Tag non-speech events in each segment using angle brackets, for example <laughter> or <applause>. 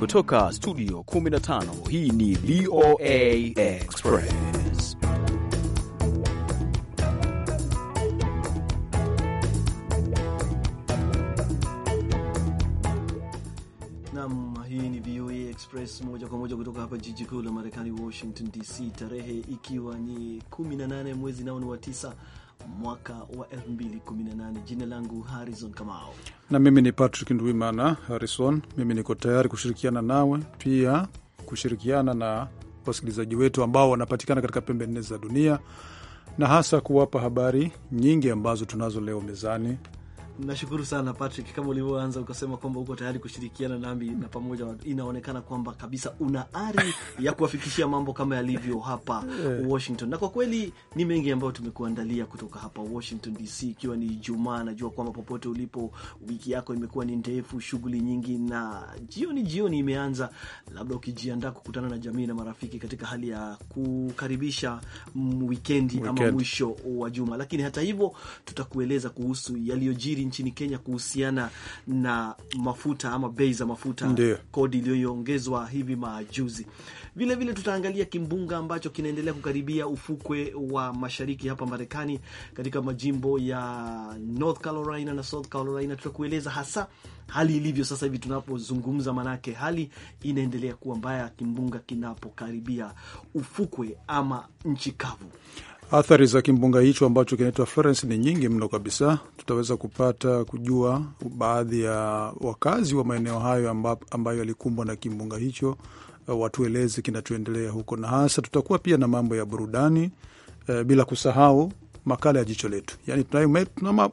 Kutoka studio 15 hii ni VOA Express. Nam, hii ni VOA Express moja kwa moja kutoka hapa jiji kuu la Marekani, Washington DC, tarehe ikiwa ni 18 mwezi nao ni wa 9 mwaka wa 2018. Jina langu Harrison Kamao na mimi ni Patrick Ndwimana. Harrison, mimi niko tayari kushirikiana nawe pia kushirikiana na wasikilizaji wetu ambao wanapatikana katika pembe nne za dunia na hasa kuwapa habari nyingi ambazo tunazo leo mezani Nashukuru sana Patrick, kama ulivyoanza ukasema kwamba uko tayari kushirikiana nami na pamoja, inaonekana kwamba kabisa una ari ya kuwafikishia mambo kama yalivyo hapa eh. Washington, na kwa kweli ni mengi ambayo tumekuandalia kutoka hapa Washington DC, ikiwa ni Ijumaa. Najua kwamba popote ulipo, wiki yako imekuwa ni ndefu, shughuli nyingi, na jioni jioni imeanza, labda ukijiandaa kukutana na jamii na marafiki katika hali ya kukaribisha wikendi ama mwisho wa juma. Lakini hata hivyo, tutakueleza kuhusu yaliyojiri nchini Kenya kuhusiana na mafuta ama bei za mafuta Ndiyo. kodi iliyoongezwa hivi majuzi. Vilevile tutaangalia kimbunga ambacho kinaendelea kukaribia ufukwe wa mashariki hapa Marekani, katika majimbo ya North Carolina na South Carolina. Tutakueleza hasa hali ilivyo sasa hivi tunapozungumza, manake hali inaendelea kuwa mbaya kimbunga kinapokaribia ufukwe ama nchi kavu. Athari za kimbunga hicho ambacho kinaitwa Florence ni nyingi mno kabisa. Tutaweza kupata kujua baadhi ya wakazi wa maeneo hayo ambayo yalikumbwa na kimbunga hicho, eh, watueleze kinachoendelea huko, na hasa tutakuwa pia na mambo ya burudani eh, bila kusahau makala ya jicho letu. Yani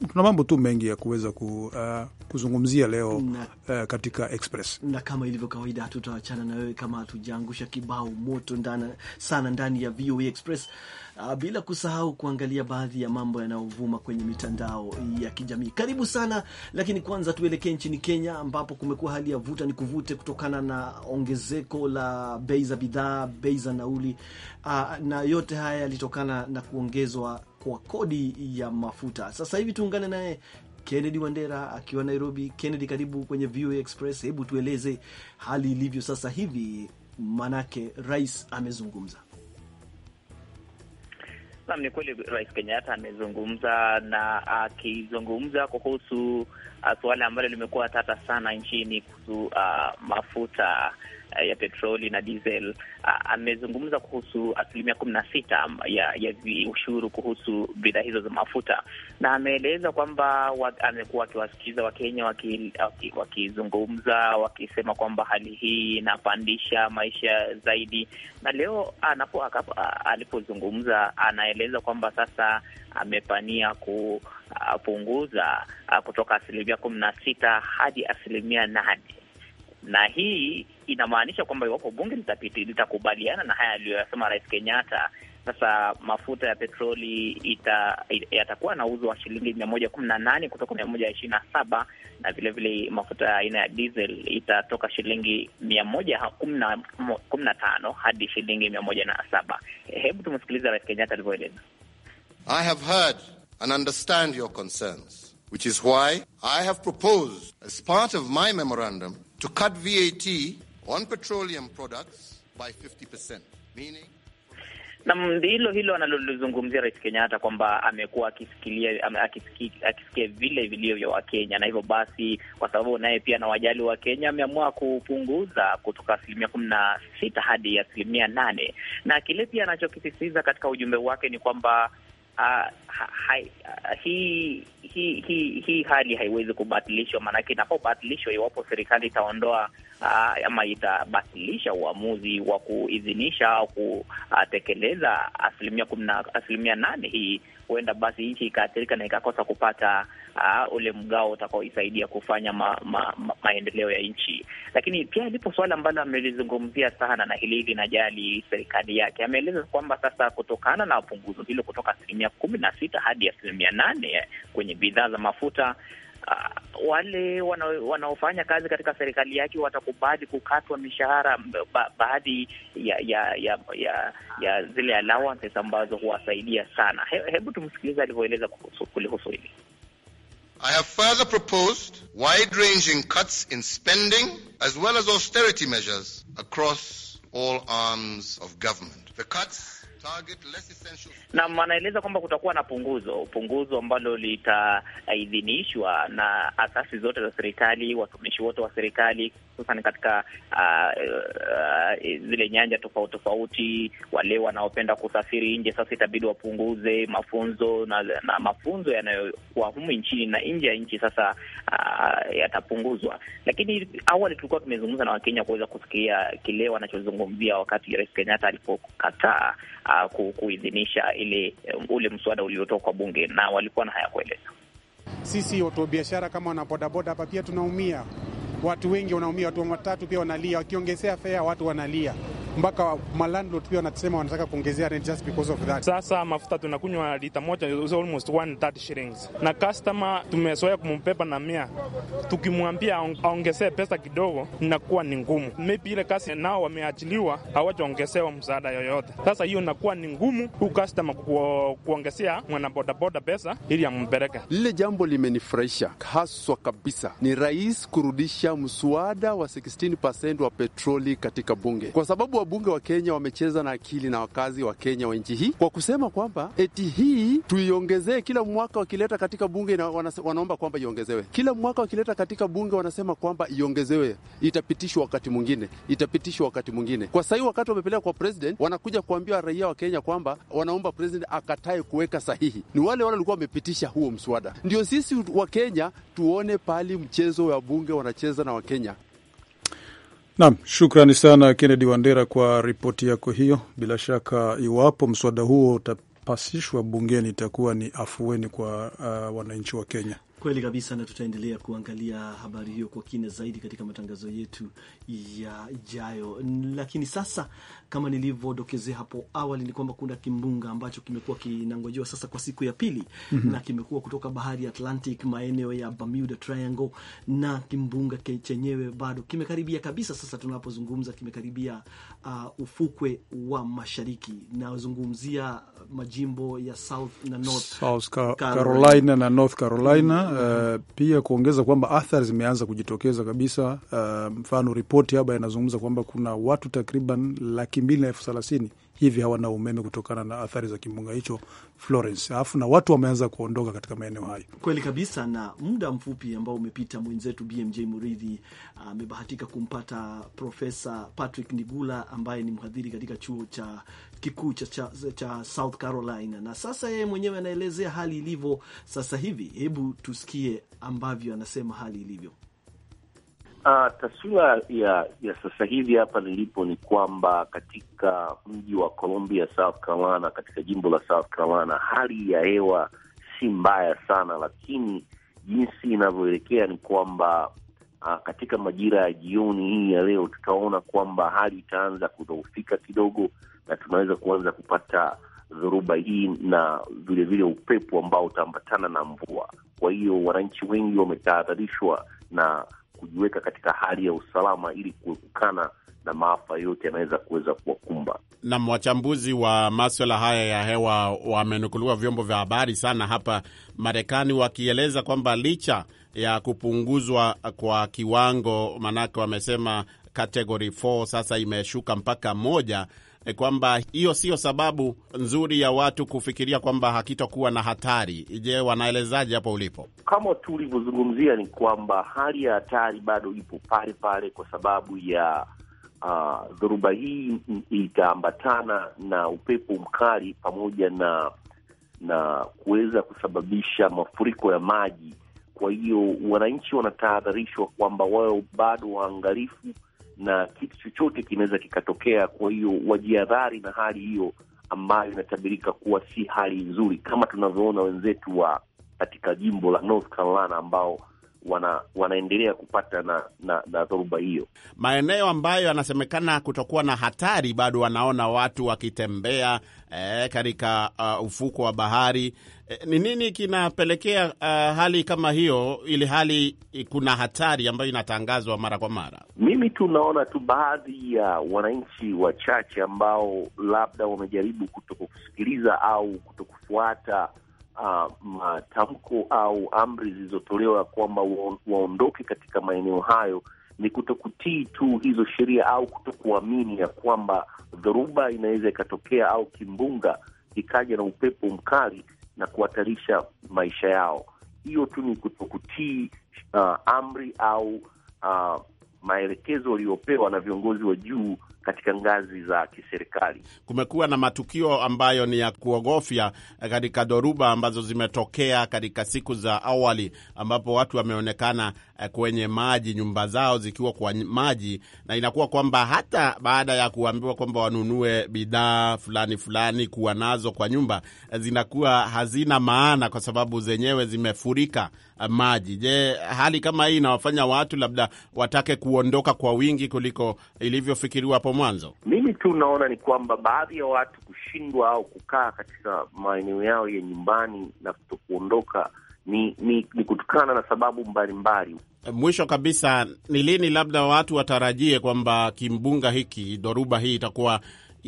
tuna mambo tu mengi ya kuweza ku, uh, kuzungumzia leo na, uh, katika Express na kama ilivyo kawaida, hatutaachana na wewe kama hatujaangusha kibao moto ndana, sana ndani ya VOA e Express uh, bila kusahau kuangalia baadhi ya mambo yanayovuma kwenye mitandao ya kijamii. Karibu sana, lakini kwanza tuelekee nchini Kenya ambapo kumekuwa hali ya vuta ni kuvute kutokana na ongezeko la bei za bidhaa, bei za nauli uh, na yote haya yalitokana na kuongezwa kwa kodi ya mafuta. Sasa hivi tuungane naye Kennedy Wandera akiwa Nairobi. Kennedy, karibu kwenye VOA Express. Hebu tueleze hali ilivyo sasa hivi, manake rais amezungumza. Naam, ni kweli Rais Kenyatta amezungumza na akizungumza kuhusu ah, suala ambalo limekuwa tata sana nchini kuhusu uh, mafuta Eh, ya petroli na diesel. Eh, amezungumza kuhusu asilimia kumi na sita ya, ya ushuru kuhusu bidhaa hizo za mafuta, na ameeleza kwamba amekuwa akiwasikiza Wakenya wakizungumza waki, waki wakisema kwamba hali hii inapandisha maisha zaidi, na leo anapo alipozungumza anaeleza kwamba sasa amepania kupunguza eh, kutoka asilimia kumi na sita hadi asilimia nane na hii inamaanisha kwamba iwapo bunge litapiti litakubaliana na haya aliyoyasema Rais Kenyatta, sasa mafuta ya petroli ita, yatakuwa na uzo wa shilingi mia moja kumi na nane kutoka mia moja ishirini na saba na vilevile mafuta ya aina ya diesel itatoka shilingi mia moja kumi na tano hadi shilingi mia moja na saba. Hebu tumsikiliza Rais Kenyatta alivyoeleza. I have heard and understand your concerns which is why I have proposed as part of my memorandum to cut VAT on petroleum products by 50%, meaning na hilo hilo analolizungumzia Rais Kenyatta kwamba amekuwa akisikilia akisikia vile vilio vya Wakenya, na hivyo basi, kwa sababu naye pia na wajali wa Kenya, ameamua kupunguza kutoka asilimia kumi na sita hadi asilimia nane. Na kile pia anachokisisitiza katika ujumbe wake ni kwamba Ah, ah, hii hi, hii hi, hi, hi hali haiwezi kubatilishwa, maanake inapobatilishwa, iwapo serikali itaondoa uh, ama itabatilisha uamuzi wa kuidhinisha au kutekeleza asilimia kumi na asilimia nane hii huenda basi nchi ikaathirika na ikakosa kupata uh, ule mgao utakaoisaidia kufanya ma, ma, ma, maendeleo ya nchi. Lakini pia lipo suala ambalo amelizungumzia sana, na hili hili najali serikali yake. Ameeleza kwamba sasa kutokana na punguzo hilo kutoka asilimia kumi na sita hadi asilimia nane kwenye bidhaa za mafuta uh, wale wanaofanya kazi katika serikali yake watakubali kukatwa mishahara baadhi ya ya ya ya, ya zile allowances ambazo huwasaidia sana. He, hebu tumsikilize alivyoeleza kulihusu hili. I have further proposed wide-ranging cuts in spending as well as austerity measures across all arms of government. The cuts Na anaeleza kwamba kutakuwa na punguzo, punguzo ambalo litaidhinishwa na asasi zote za serikali, watumishi wote wa serikali, hususan katika uh, uh, zile nyanja tofauti tofauti. Wale wanaopenda kusafiri nje sasa itabidi wapunguze mafunzo na, na mafunzo yanayokuwa humu nchini na nje ya nchi sasa uh, yatapunguzwa. Lakini awali tulikuwa tumezungumza na Wakenya kuweza kusikia kile wanachozungumzia wakati Rais Kenyatta alipokataa uh, kuidhinisha ile eh, ule mswada uliotoka kwa bunge, na walikuwa na haya kueleza. Sisi watu wa biashara kama wanabodaboda hapa pia tunaumia watu wengi wanaumia, watu watatu pia wanalia, wakiongezea fea watu wanalia mpaka malandlord pia wanasema wanataka kuongezea rent just because of that. Sasa mafuta tunakunywa lita moja is almost 130 shillings, na customer tumezoea kumpepa na mia, tukimwambia aongezee pesa kidogo inakuwa ni ngumu. Maybe ile kazi nao wameachiliwa, hawajaongezewa msaada yoyote. Sasa hiyo inakuwa ni ngumu huu customer kuongezea mwanabodaboda pesa ili ampeleke. Lile jambo limenifurahisha haswa kabisa ni rais kurudisha mswada wa 16% wa petroli katika bunge kwa sababu wa wabunge wa Kenya wamecheza na akili na wakazi wa Kenya wa nchi hii kwa kusema kwamba eti hii tuiongezee kila mwaka, wakileta katika bunge na wanaomba kwamba iongezewe kila mwaka, wakileta katika bunge wanasema kwamba iongezewe, itapitishwa wakati mwingine, itapitishwa wakati mwingine. Kwa sahii wakati wamepeleka kwa president, wanakuja kuambia raia wa Kenya kwamba wanaomba president akatae kuweka sahihi. Ni wale wale walikuwa wamepitisha huo mswada. Ndio sisi wa Kenya tuone pali mchezo wa bunge wanacheza na Wakenya. Naam, shukrani sana Kennedy Wandera kwa ripoti yako hiyo. Bila shaka, iwapo mswada huo utapasishwa bungeni, itakuwa ni afueni kwa uh, wananchi wa Kenya. Kweli kabisa, na tutaendelea kuangalia habari hiyo kwa kina zaidi katika matangazo yetu jayo. Lakini sasa, kama nilivyodokezea hapo awali, ni kwamba kuna kimbunga ambacho kimekuwa kinangojewa sasa kwa siku ya pili mm -hmm. na kimekuwa kutoka bahari ya Atlantic, maeneo ya Bermuda Triangle, na kimbunga chenyewe bado kimekaribia kabisa. Sasa tunapozungumza kimekaribia uh, ufukwe wa mashariki, nazungumzia majimbo ya South na North South Carolina, Carolina na North Carolina uh, Pia kuongeza kwamba athari zimeanza kujitokeza kabisa. Eh, mfano, ripoti hapa inazungumza kwamba kuna watu takriban laki mbili na elfu thelathini hivi hawana umeme kutokana na athari za kimbunga hicho Florence. Alafu na watu wameanza kuondoka katika maeneo hayo. Kweli kabisa. Na muda mfupi ambao umepita, mwenzetu BMJ Muridhi ah, amebahatika uh, kumpata Profesa Patrick Nigula ambaye ni mhadhiri katika chuo cha kikuu cha, cha, cha South Carolina, na sasa yeye mwenyewe anaelezea hali ilivyo sasa hivi. Hebu tusikie ambavyo anasema hali ilivyo. Uh, taswira ya ya sasa hivi hapa nilipo ni kwamba katika mji wa Columbia, South Carolina, katika jimbo la South Carolina, hali ya hewa si mbaya sana, lakini jinsi inavyoelekea ni kwamba uh, katika majira ya jioni hii ya leo tutaona kwamba hali itaanza kudhoofika kidogo, na tunaweza kuanza kupata dhoruba hii na vilevile upepo ambao utaambatana na mvua. Kwa hiyo wananchi wengi wametahadharishwa na kujiweka katika hali ya usalama ili kuepukana na maafa yote yanaweza kuweza kuwakumba. Nam, wachambuzi wa maswala haya ya hewa wamenukuliwa vyombo vya habari sana hapa Marekani wakieleza kwamba licha ya kupunguzwa kwa kiwango, maanake wamesema kategori 4 sasa imeshuka mpaka moja Eh, kwamba hiyo siyo sababu nzuri ya watu kufikiria kwamba hakitakuwa na hatari. Je, wanaelezaje hapo ulipo? Kama tulivyozungumzia, ni kwamba hali ya hatari bado ipo pale pale kwa sababu ya uh, dhoruba hii itaambatana na upepo mkali pamoja na na kuweza kusababisha mafuriko ya maji. Kwa hiyo wananchi wanatahadharishwa kwamba wao bado waangalifu na kitu chochote kinaweza kikatokea. Kwa hiyo wajihadhari na hali hiyo ambayo inatabirika kuwa si hali nzuri, kama tunavyoona wenzetu wa katika jimbo la North Carolina ambao wana, wanaendelea kupata na, na, na dhoruba hiyo. Maeneo ambayo yanasemekana kutokuwa na hatari bado wanaona watu wakitembea eh, katika uh, ufuko wa bahari. Eh, ni nini kinapelekea uh, hali kama hiyo, ili hali kuna hatari ambayo inatangazwa mara kwa mara? Mimi tu naona tu baadhi ya uh, wananchi wachache ambao labda wamejaribu kutokusikiliza au kutokufuata uh, matamko au amri zilizotolewa kwamba waondoke katika maeneo hayo ni kuto kutii tu hizo sheria au kuto kuamini ya kwamba dhoruba inaweza ikatokea au kimbunga kikaja na upepo mkali na kuhatarisha maisha yao. Hiyo tu ni kutii uh, amri au uh, maelekezo waliyopewa na viongozi wa juu katika ngazi za kiserikali. Kumekuwa na matukio ambayo ni ya kuogofya eh, katika dhoruba ambazo zimetokea katika siku za awali, ambapo watu wameonekana eh, kwenye maji, nyumba zao zikiwa kwa maji, na inakuwa kwamba hata baada ya kuambiwa kwamba wanunue bidhaa fulani fulani kuwa nazo kwa nyumba, eh, zinakuwa hazina maana kwa sababu zenyewe zimefurika maji. Je, hali kama hii inawafanya watu labda watake kuondoka kwa wingi kuliko ilivyofikiriwa hapo mwanzo? Mimi tu naona ni kwamba baadhi ya watu kushindwa au kukaa katika maeneo yao ya nyumbani na kutokuondoka ni, ni, ni kutokana na sababu mbalimbali. Eh, mwisho kabisa, ni lini labda watu watarajie kwamba kimbunga hiki, dhoruba hii itakuwa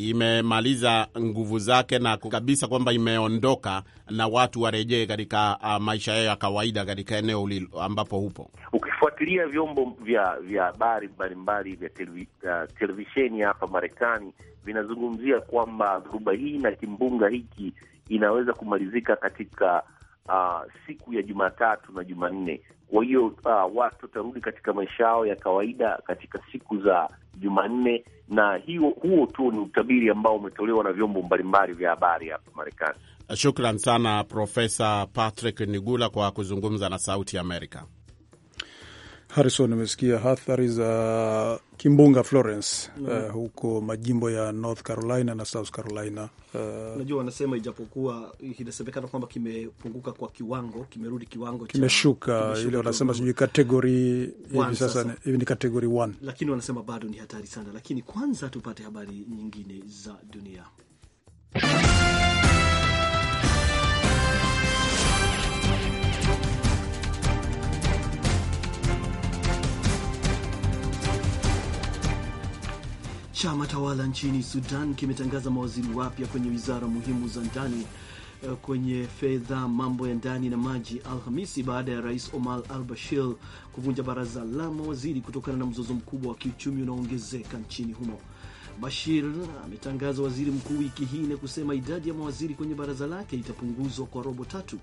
imemaliza nguvu zake na kabisa kwamba imeondoka na watu warejee katika uh, maisha yao ya kawaida katika eneo ulilo ambapo hupo. Ukifuatilia vyombo vya vya habari mbalimbali vya televi, uh, televisheni hapa Marekani vinazungumzia kwamba dhoruba hii na kimbunga hiki inaweza kumalizika katika uh, siku ya Jumatatu na Jumanne. Kwa hiyo uh, watu watarudi katika maisha yao ya kawaida katika siku za Jumanne, na hiyo, huo tu ni utabiri ambao umetolewa na vyombo mbalimbali vya habari hapa Marekani. Shukran sana Profesa Patrick Nigula kwa kuzungumza na Sauti ya Amerika. Harrison, umesikia athari za kimbunga Florence mm uh, huko majimbo ya North Carolina na South Carolina. Uh, najua wanasema ijapokuwa inasemekana kwamba kimepunguka kwa kiwango, kimerudi kiwango, kimeshuka ile wanasema sijui kategori hivi sasa, hivi ni kategori one, lakini wanasema bado ni hatari sana. Lakini kwanza tupate habari nyingine za dunia Chama tawala nchini Sudan kimetangaza mawaziri wapya kwenye wizara muhimu za ndani eh, kwenye fedha, mambo ya ndani na maji Alhamisi baada ya rais Omar al Bashir kuvunja baraza la mawaziri kutokana na mzozo mkubwa wa kiuchumi unaoongezeka nchini humo. Bashir ametangaza waziri mkuu wiki hii na kusema idadi ya mawaziri kwenye baraza lake itapunguzwa kwa robo tatu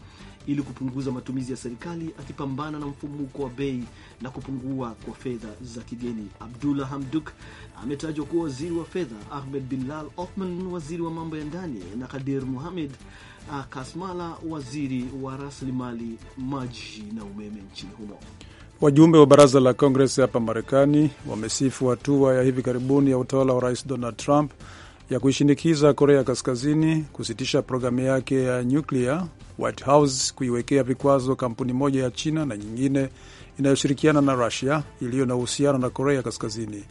ili kupunguza matumizi ya serikali, akipambana na mfumuko wa bei na kupungua kwa fedha za kigeni. Abdullah Hamduk ametajwa kuwa waziri wa fedha, Ahmed Bilal Othman waziri wa mambo ya ndani na Kadir Muhamed Kasmala waziri wa rasilimali maji na umeme nchini humo. Wajumbe wa baraza la Kongres hapa Marekani wamesifu hatua ya hivi karibuni ya utawala wa rais Donald Trump ya kuishinikiza Korea Kaskazini kusitisha programu yake ya nyuklia, White House kuiwekea vikwazo kampuni moja ya China na nyingine inayoshirikiana na Rusia iliyo na uhusiano na Korea Kaskazini.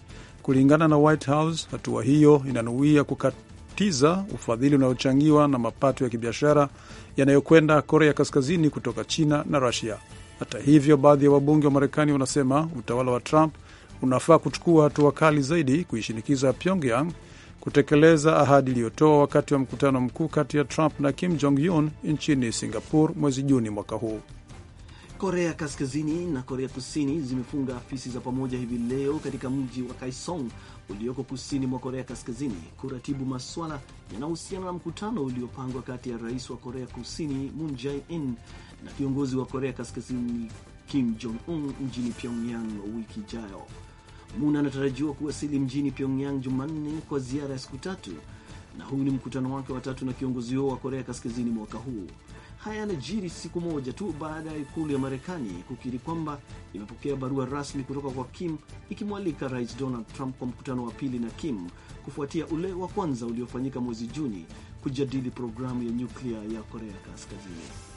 Kulingana na White House, hatua hiyo inanuia kukatiza ufadhili unaochangiwa na mapato ya kibiashara yanayokwenda Korea Kaskazini kutoka China na Rusia. Hata hivyo, baadhi ya wabunge wa Marekani wanasema utawala wa Trump unafaa kuchukua hatua kali zaidi kuishinikiza Pyongyang kutekeleza ahadi iliyotoa wakati wa mkutano mkuu kati ya Trump na Kim Jong Un nchini Singapore mwezi Juni mwaka huu. Korea Kaskazini na Korea Kusini zimefunga afisi za pamoja hivi leo katika mji wa Kaesong ulioko kusini mwa Korea Kaskazini kuratibu maswala yanayohusiana na mkutano uliopangwa kati ya rais wa Korea Kusini Moon Jae-in na kiongozi wa Korea Kaskazini Kim Jong Un mjini Pyongyang wiki ijayo. Moon anatarajiwa kuwasili mjini Pyongyang Jumanne kwa ziara ya siku tatu, na huu ni mkutano wake wa tatu na kiongozi huo wa Korea Kaskazini mwaka huu. Haya yanajiri siku moja tu baada ya ikulu ya Marekani kukiri kwamba imepokea barua rasmi kutoka kwa Kim ikimwalika Rais Donald Trump kwa mkutano wa pili na Kim kufuatia ule wa kwanza uliofanyika mwezi Juni kujadili programu ya nyuklia ya Korea Kaskazini.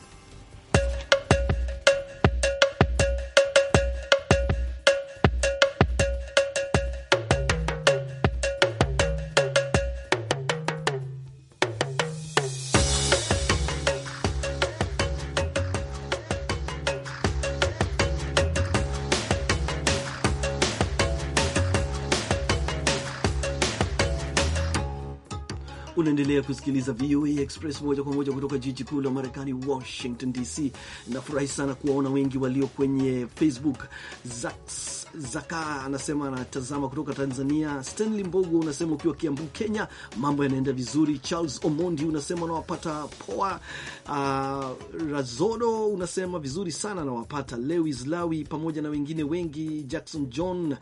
Unaendelea kusikiliza VOA Express moja kwa moja kutoka jiji kuu la Marekani, Washington DC. Nafurahi sana kuwaona wengi walio kwenye Facebook Zaks Zaka anasema anatazama kutoka Tanzania. Stanley Mbogo unasema ukiwa Kiambu, Kenya, mambo yanaenda vizuri. Charles Omondi unasema nawapata poa. Uh, Razodo unasema vizuri sana nawapata. Lewis Lawi pamoja na wengine wengi, Jackson John,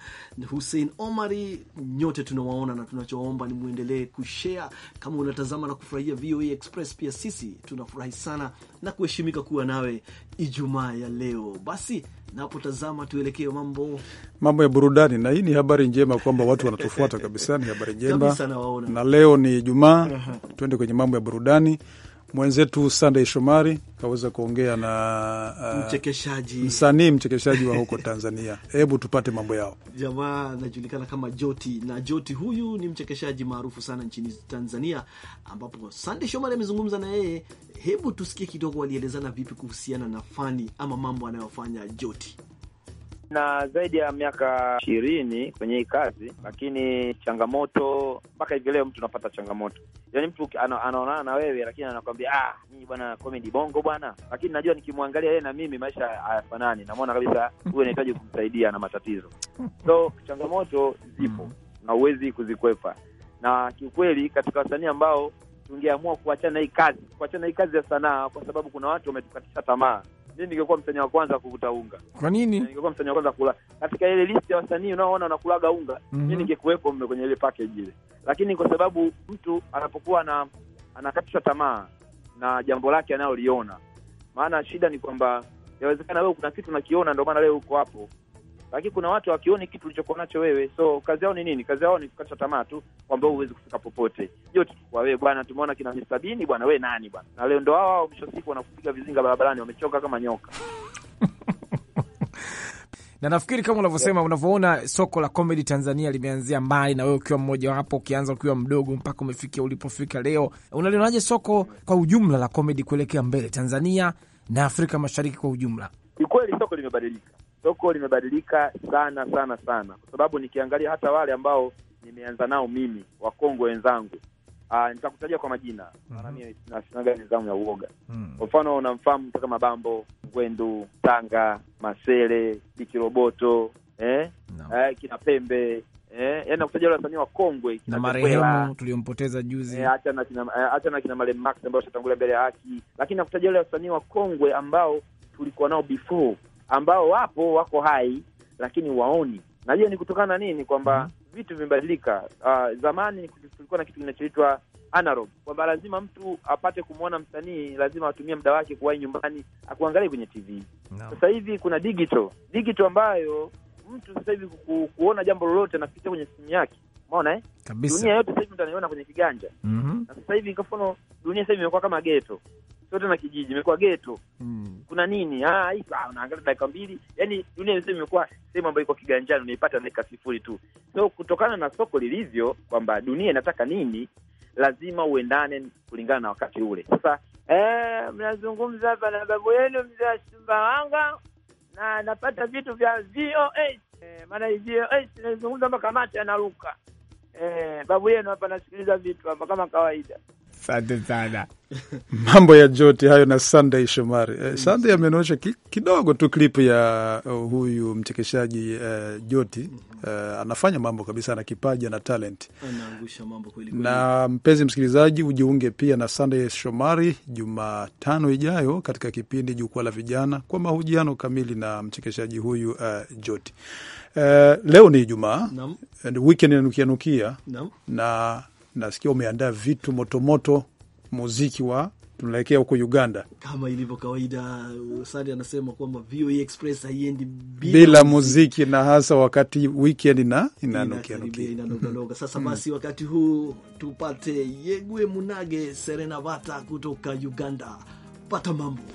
Hussein Omari, nyote tunawaona na tunachoomba ni mwendelee kushare kama unatazama na kufurahia VOA e Express. Pia sisi tunafurahi sana na kuheshimika kuwa nawe Ijumaa ya leo. Basi napotazama tuelekee mambo mambo ya burudani, na hii ni habari njema kwamba watu <laughs> wanatufuata kabisa, ni habari njema na leo ni Ijumaa, tuende kwenye mambo ya burudani mwenzetu sandey Shomari kaweza kuongea na uh, mchekeshaji msanii mchekeshaji wa huko Tanzania. Hebu tupate mambo yao. Jamaa anajulikana kama Joti na Joti huyu ni mchekeshaji maarufu sana nchini Tanzania, ambapo sandey Shomari amezungumza na yeye. Hebu tusikie kidogo walielezana vipi kuhusiana na fani ama mambo anayofanya Joti na zaidi ya miaka ishirini kwenye hii kazi, lakini changamoto mpaka hivi leo mtu unapata changamoto yani mtu anaonana na wewe lakini anakwambia ah, mimi bwana comedy bongo bwana, lakini najua nikimwangalia yeye na mimi maisha hayafanani, namwona kabisa huyu anahitaji kumsaidia na matatizo. So changamoto zipo mm. na huwezi kuzikwepa, na kiukweli katika wasanii ambao tungeamua kuachana hii kazi kuachana hii kazi ya sanaa, kwa sababu kuna watu wametukatisha tamaa mimi ningekuwa msanii wa kwanza kuvuta unga. Kwa nini? Ningekuwa msanii wa kwanza kula. Katika ile list ya wasanii unaoona wanakulaga unga, mhm. mimi mm -hmm. ningekuwepo mme kwenye ile package ile. Lakini kwa sababu mtu anapokuwa ana anakatishwa tamaa na jambo lake analoliona. Maana shida ni kwamba yawezekana wewe kuna kitu unakiona ndio maana leo uko hapo lakini kuna watu wakioni kitu ulichokuwa nacho wewe, so kazi yao ni nini? Kazi yao ni kukata tamaa tu kwamba huwezi kufika popote. Hiyo tu kwa wewe bwana, tumeona kina misabini bwana, wewe nani bwana? Na leo ndo hao hao mwisho siku wanakupiga vizinga barabarani, wamechoka kama nyoka <laughs> na nafikiri kama unavyosema, yeah. unavyoona soko la comedy Tanzania limeanzia mbali, na wewe ukiwa mmoja wapo, ukianza ukiwa mdogo mpaka umefikia ulipofika leo, unalionaje soko kwa ujumla la comedy kuelekea mbele Tanzania na Afrika Mashariki kwa ujumla? Ni kweli soko limebadilika, soko limebadilika sana sana sana, kwa sababu nikiangalia hata wale ambao nimeanza nao mimi wakongwe wenzangu Uh, nitakutajia kwa majina mhm. maana mimi nasinaga nizamu ya uoga. Hmm. Kwa mfano unamfahamu kama Mabambo, Ngwendu, Tanga, Masele, Bikiroboto, eh? No. Eh, kina Pembe, eh? yani nakutajia wale wasanii wa kongwe na marehemu tuliyompoteza juzi. Eh, hata na kina eh, hata na kina Malem Max ambao shatangulia mbele ya haki, lakini nakutajia wale wasanii wa kongwe ambao tulikuwa nao before ambao wapo wako hai, lakini waoni. hiyo ni kutokana na nini, kwamba mhm. vitu vimebadilika. Uh, zamani kulikuwa na kitu kinachoitwa analog, kwamba lazima mtu apate kumwona msanii, lazima atumie muda wake kuwahi nyumbani, akuangalie kwenye TV no. Sasa hivi kuna digital, digital ambayo mtu sasa hivi ku, kuona jambo lolote anapitia kwenye simu yake, umeona eh? Kabisa, dunia yote sasa hivi mtu anaiona kwenye kiganja mm -hmm. Na sasa hivi kwa mfano dunia sasa hivi imekuwa kama ghetto sote na kijiji imekuwa geto mm. kuna nini ah, ah, unaangalia dakika mbili, yani dunia nzima imekuwa sehemu ambayo iko kiganjani, unaipata dakika sifuri tu. So kutokana na soko lilivyo kwamba dunia inataka nini, lazima uendane kulingana na wakati ule. Sasa eh, mnazungumza hapa na babu yenu mzee wa Sumbawanga na napata vitu vya VOA eh, maana VOA nazungumza mpaka mate yanaruka eh, babu yenu hapa nasikiliza vitu hapa kama kawaida. Asante sana. <laughs> Mambo ya joti hayo na Sunday Shomari. Eh, Sunday amenionyesha ki, kidogo tu clip ya uh, huyu mchekeshaji uh, joti mhm. uh, anafanya mambo kabisa, ana kipaji, ana talent, anaangusha mambo kweli kweli. Na mpenzi msikilizaji, ujiunge pia na Sunday Shomari Jumatano ijayo katika kipindi Jukwaa la Vijana kwa mahojiano kamili na mchekeshaji huyu uh, joti. Uh, leo ni Ijumaa, weekend inanukianukia na nasikia umeandaa vitu motomoto muziki wa tunaelekea huko Uganda. Kama ilivyo kawaida, Sadi anasema kwamba VOA e Express haiendi bila, bila muziki, na hasa wakati weekend na inanukianukia inanoganoga. Mhm. Sasa mhm. basi, wakati huu tupate Yegwe Munage Serena Vata kutoka Uganda. Pata mambo <laughs>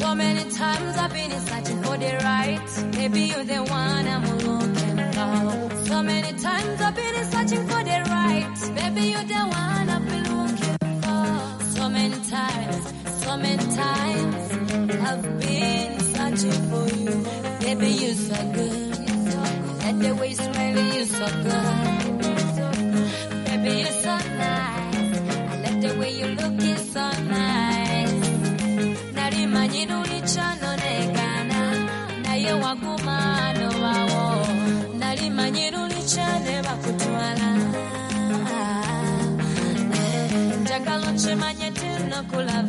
So many times I've been searching for the right. Maybe you're the one I'm looking for. So many times I've been searching for the right. Maybe you're the one I've been looking for. So many times, so many times. I've been searching for you. Baby, you so good. And the way you smile, you so good. Baby, you so nice. I love the way you look, it's so nice. Narimanyinu lichononekana. Na ye wagumana. bwabula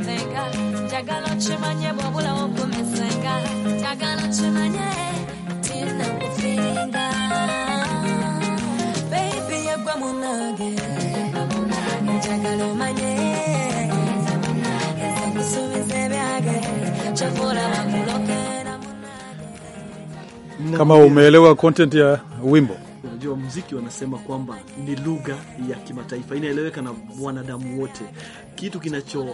munage kama umeelewa content ya wimbo unajua mziki wanasema kwamba ni lugha ya kimataifa, inaeleweka na wanadamu wote, kitu kinacho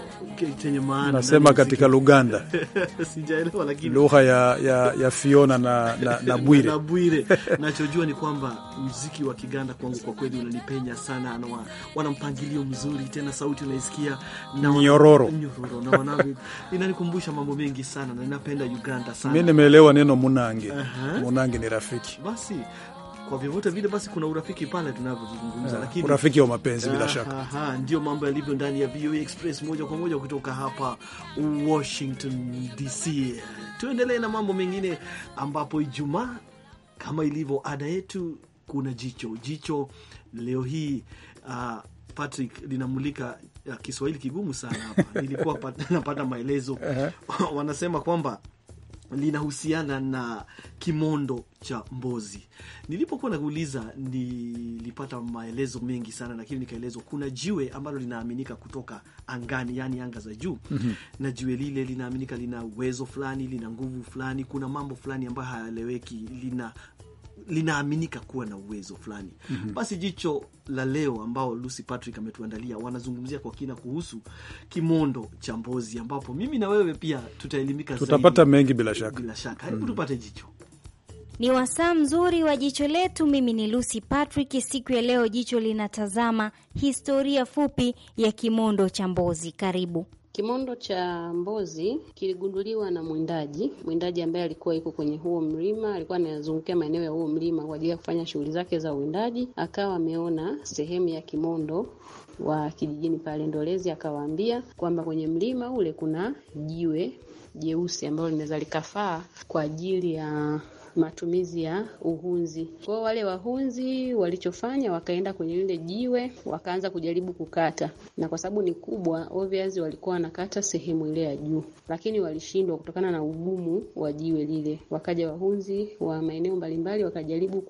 chenye maana. Nasema katika Luganda <laughs> sijaelewa, lakini lugha ya, ya, ya Fiona na, na, na Bwire <laughs> na Bwire nachojua ni kwamba mziki wa Kiganda kwangu kwa kweli unanipenya sana, na wana mpangilio mzuri, tena sauti unaisikia na nyororo nyororo, na wanavi <laughs> inanikumbusha mambo mengi sana, na ninapenda Uganda sana. Mimi nimeelewa neno munange. uh -huh. Munange ni rafiki basi kwa vyovyote vile basi kuna urafiki pale tunavyozungumza, ah, lakini urafiki wa mapenzi bila shaka. Ndio mambo yalivyo ndani ya VOA e Express, moja kwa moja kutoka hapa Washington DC. Tuendelee na mambo mengine, ambapo Ijumaa kama ilivyo ada yetu, kuna jicho jicho leo hii uh, Patrick linamulika uh, Kiswahili kigumu sana hapa <laughs> nilikuwa napata maelezo <laughs> wanasema kwamba linahusiana na kimondo cha mbozi. Nilipokuwa nakuuliza, nilipata maelezo mengi sana, lakini nikaelezwa kuna jiwe ambalo linaaminika kutoka angani, yaani anga za juu mm -hmm. na jiwe lile linaaminika lina uwezo fulani, lina nguvu fulani, kuna mambo fulani ambayo hayaeleweki, lina linaaminika kuwa na uwezo fulani mm -hmm. Basi jicho la leo ambao Lucy Patrick ametuandalia wanazungumzia kwa kina kuhusu kimondo cha mbozi, ambapo mimi na wewe pia tutaelimika, tutapata mengi bila shaka, bila shaka. mm -hmm. tupate jicho ni wasaa mzuri wa jicho letu. Mimi ni Lucy Patrick. Siku ya leo jicho linatazama historia fupi ya kimondo cha mbozi. Karibu. Kimondo cha mbozi kiligunduliwa na mwindaji, mwindaji ambaye alikuwa yuko kwenye huo mlima, alikuwa anazungukia maeneo ya huo mlima kwa ajili ya kufanya shughuli zake za uwindaji. Akawa ameona sehemu ya kimondo wa kijijini pale Ndolezi, akawaambia kwamba kwenye mlima ule kuna jiwe jeusi ambalo linaweza likafaa kwa ajili ya matumizi ya uhunzi. Kwa wale wahunzi walichofanya, wakaenda kwenye lile jiwe wakaanza kujaribu kukata, na kwa sababu ni kubwa, obviously walikuwa wanakata sehemu ile ya juu, lakini walishindwa kutokana na ugumu wa jiwe lile. Wakaja wahunzi wa maeneo mbalimbali wakajaribu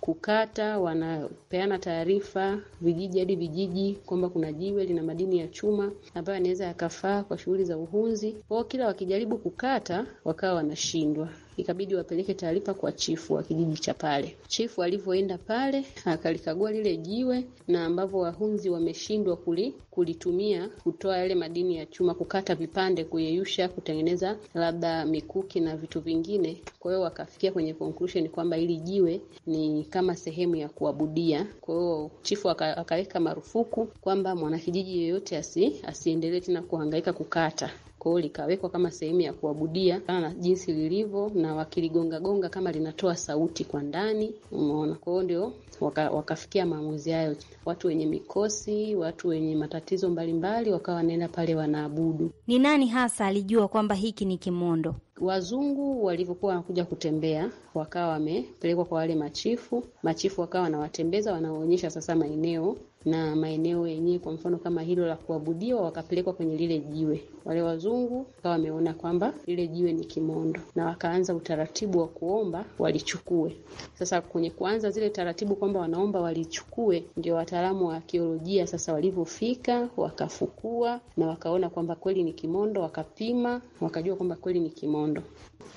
kukata, wanapeana taarifa vijiji hadi vijiji kwamba kuna jiwe lina madini ya chuma ambayo yanaweza yakafaa kwa shughuli za uhunzi. Kwao kila wakijaribu kukata, wakawa wanashindwa ikabidi wapeleke taarifa kwa chifu wa kijiji cha pale. Chifu alivyoenda pale akalikagua lile jiwe na ambavyo wahunzi wameshindwa kuli, kulitumia kutoa yale madini ya chuma, kukata vipande, kuyeyusha, kutengeneza labda mikuki na vitu vingine. Kwa hiyo wakafikia kwenye conclusion kwamba ili jiwe ni kama sehemu ya kuabudia. Kwa hiyo chifu akaweka marufuku kwamba mwanakijiji yeyote asi asiendelee tena kuhangaika kukata kwao likawekwa kama sehemu ya kuabudia kana jinsi lilivyo, na wakiligongagonga kama linatoa sauti kwa ndani, umeona. Kwao ndio waka, wakafikia maamuzi hayo. Watu wenye mikosi, watu wenye matatizo mbalimbali wakawa wanaenda pale wanaabudu. Ni nani hasa alijua kwamba hiki ni kimondo? Wazungu walivyokuwa wanakuja kutembea, wakawa wamepelekwa kwa wale machifu. Machifu wakawa wanawatembeza, wanawaonyesha sasa maeneo na maeneo yenyewe, kwa mfano kama hilo la kuabudiwa, wakapelekwa kwenye lile jiwe. Wale wazungu wakawa wameona kwamba lile jiwe ni kimondo, na wakaanza utaratibu wa kuomba walichukue. Sasa kwenye kuanza zile taratibu kwamba wanaomba walichukue, ndio wataalamu wa akiolojia sasa walivyofika, wakafukua na wakaona kwamba kweli ni kimondo, wakapima, wakajua kwamba kweli ni kimondo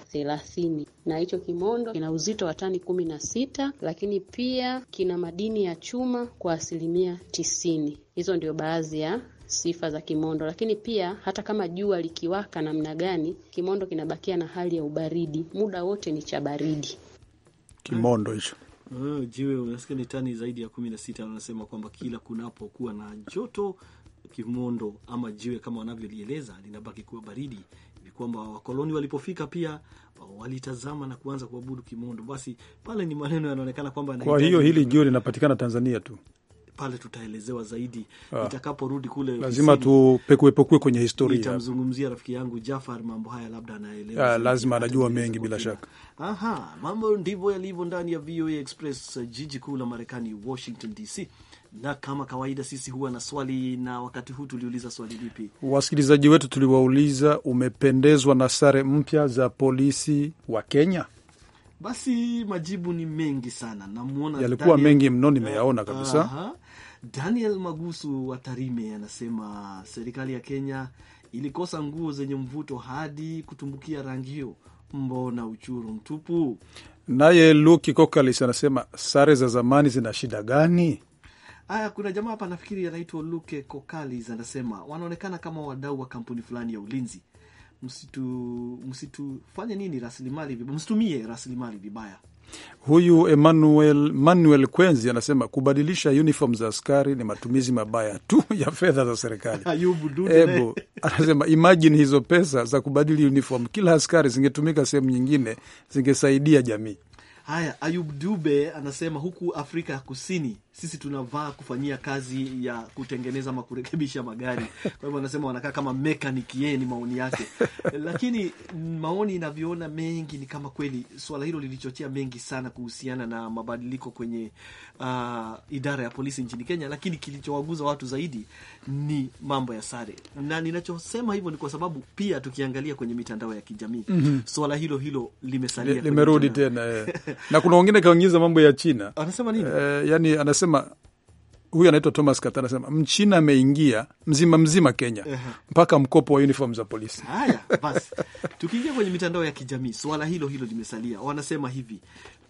thelathini, na hicho kimondo kina uzito wa tani kumi na sita, lakini pia kina madini ya chuma kwa asilimia tisini. Hizo ndio baadhi ya sifa za kimondo, lakini pia hata kama jua likiwaka namna gani, kimondo kinabakia na hali ya ubaridi, muda wote ni cha baridi kimondo hicho. Uh, jiwe unasikia ni tani zaidi ya kumi na sita. Wanasema kwamba kila kunapokuwa na joto kimondo ama jiwe kama wanavyolieleza linabaki kuwa baridi. Ni kwamba wakoloni walipofika pia walitazama na kuanza kuabudu kimondo. Basi pale ni maneno yanaonekana kwamba, kwa hiyo hili jiwe linapatikana Tanzania tu pale tutaelezewa zaidi ah. itakaporudi kule. Lazima tupekuepekue kwenye historia. itamzungumzia rafiki yangu Jafar, mambo haya labda anaelewa, ah, lazima anajua mengi bila shaka. Aha, mambo ndivyo yalivyo ndani ya VOA Express, jiji kuu la Marekani, Washington DC na kama kawaida sisi huwa na swali, na wakati huu tuliuliza swali lipi? Wasikilizaji wetu tuliwauliza, umependezwa na sare mpya za polisi wa Kenya? Basi majibu ni mengi sana, namwona yalikuwa mengi mno, nimeyaona kabisa. Aha. Daniel Magusu wa Tarime anasema serikali ya Kenya ilikosa nguo zenye mvuto hadi kutumbukia rangi hiyo, mbona uchuru mtupu. Naye Luki Kokalis anasema sare za zamani zina shida gani? Aya, kuna jamaa hapa nafikiri anaitwa Luke Kokalis anasema wanaonekana kama wadau wa kampuni fulani ya ulinzi. Msitu msitufanye nini rasilimali vibaya, msitumie rasilimali vibaya. Huyu Emmanuel, Manuel Kwenzi anasema kubadilisha uniform za askari ni matumizi mabaya tu <laughs> ya fedha za serikali. Hebu anasema imajini hizo pesa za kubadili uniform kila askari zingetumika sehemu nyingine, zingesaidia jamii. Haya, Ayub Dube anasema huku Afrika ya Kusini sisi tunavaa kufanyia kazi ya kutengeneza ama kurekebisha magari. Kwa hivyo wanasema wanakaa kama mekanik, yeye ni maoni yake. <laughs> Lakini maoni inavyoona mengi ni kama kweli swala hilo lilichochea mengi sana kuhusiana na mabadiliko kwenye uh, idara ya polisi nchini Kenya, lakini kilichowaguza watu zaidi ni mambo ya sare, na ninachosema hivyo ni kwa sababu pia tukiangalia kwenye mitandao ya kijamii mm -hmm. swala hilo hilo limesalia limerudi tena eh. <laughs> na kuna wengine kaongeza mambo ya China, anasema nini? Eh, yani, anasema anasema huyu anaitwa Thomas Kata anasema Mchina ameingia mzima mzima Kenya mpaka mkopo wa uniform za polisi. Haya basi, tukiingia kwenye mitandao ya kijamii, swala hilo hilo limesalia. Wanasema hivi,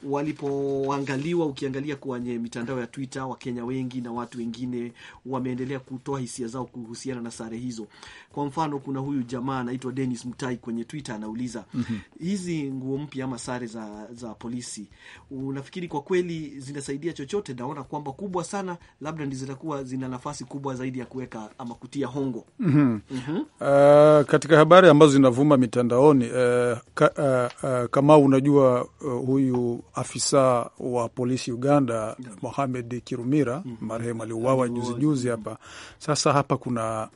walipoangaliwa, ukiangalia kwenye mitandao ya Twitter, Wakenya wengi na watu wengine wameendelea kutoa hisia zao kuhusiana na sare hizo. Kwa mfano, kuna huyu jamaa anaitwa Dennis Mtai kwenye Twitter anauliza mm -hmm. hizi nguo mpya ama sare za, za polisi unafikiri kwa kweli zinasaidia chochote? Naona kwamba kubwa sana, labda ndi zitakuwa zina nafasi kubwa zaidi ya kuweka ama kutia hongo. mm -hmm. Mm -hmm. Uh, katika habari ambazo zinavuma mitandaoni uh, ka, uh, eh, uh, kama unajua uh, huyu afisa wa polisi Uganda Mohamed Kirumira mm -hmm. marehemu aliuawa juzi juzi hapa. Sasa hapa kuna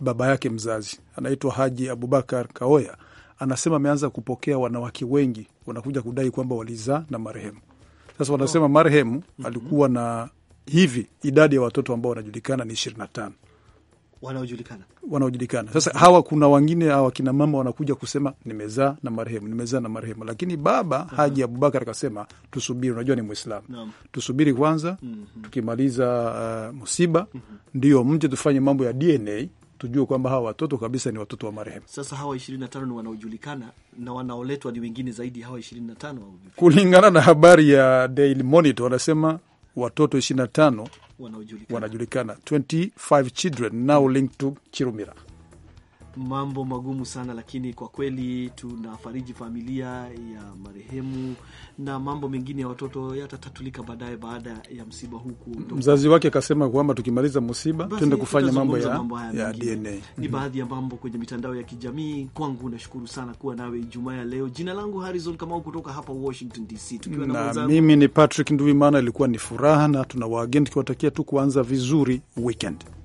baba yake mzazi anaitwa Haji Abubakar Kaoya, anasema ameanza kupokea wanawake wengi wanakuja kudai kwamba walizaa na marehemu. Sasa wanasema oh. marehemu mhm. alikuwa na hivi idadi ya watoto ambao wanajulikana ni ishirini na tano wanaojulikana wanaojulikana. Sasa hawa kuna wengine hawa kina mama wanakuja kusema nimezaa na marehemu, nimezaa na marehemu, lakini baba uh -huh. Haji mhm. Abubakar akasema tusubiri, unajua ni Mwislamu no. tusubiri kwanza mm -hmm. tukimaliza uh, musiba mm -hmm. ndio mje tufanye mambo ya DNA tujue kwamba hawa watoto kabisa ni watoto wa marehemu. Sasa hawa tano ni wanaojulikana na wanaoletwa ni wengine zaidi hawa tano kulingana na habari ya Daily Monitor wanasema watoto tano wanajulikana 25 children now linked to Chirumira mambo magumu sana, lakini kwa kweli tunafariji familia ya marehemu na mambo mengine ya watoto yatatatulika baadaye, baada ya msiba huu kuondoka. Mzazi wake akasema kwamba tukimaliza msiba tuende kufanya mambo ya, mambo ya DNA. Ni mm -hmm. baadhi ya mambo kwenye mitandao ya kijamii. Kwangu nashukuru sana kuwa nawe Ijumaa ya leo. Jina langu Harrison Kamau kutoka hapa Washington DC, tukiwa na mwenzangu mimi ni Patrick nduimana Ilikuwa ni furaha na tuna wageni tukiwatakia tu kuanza vizuri weekend.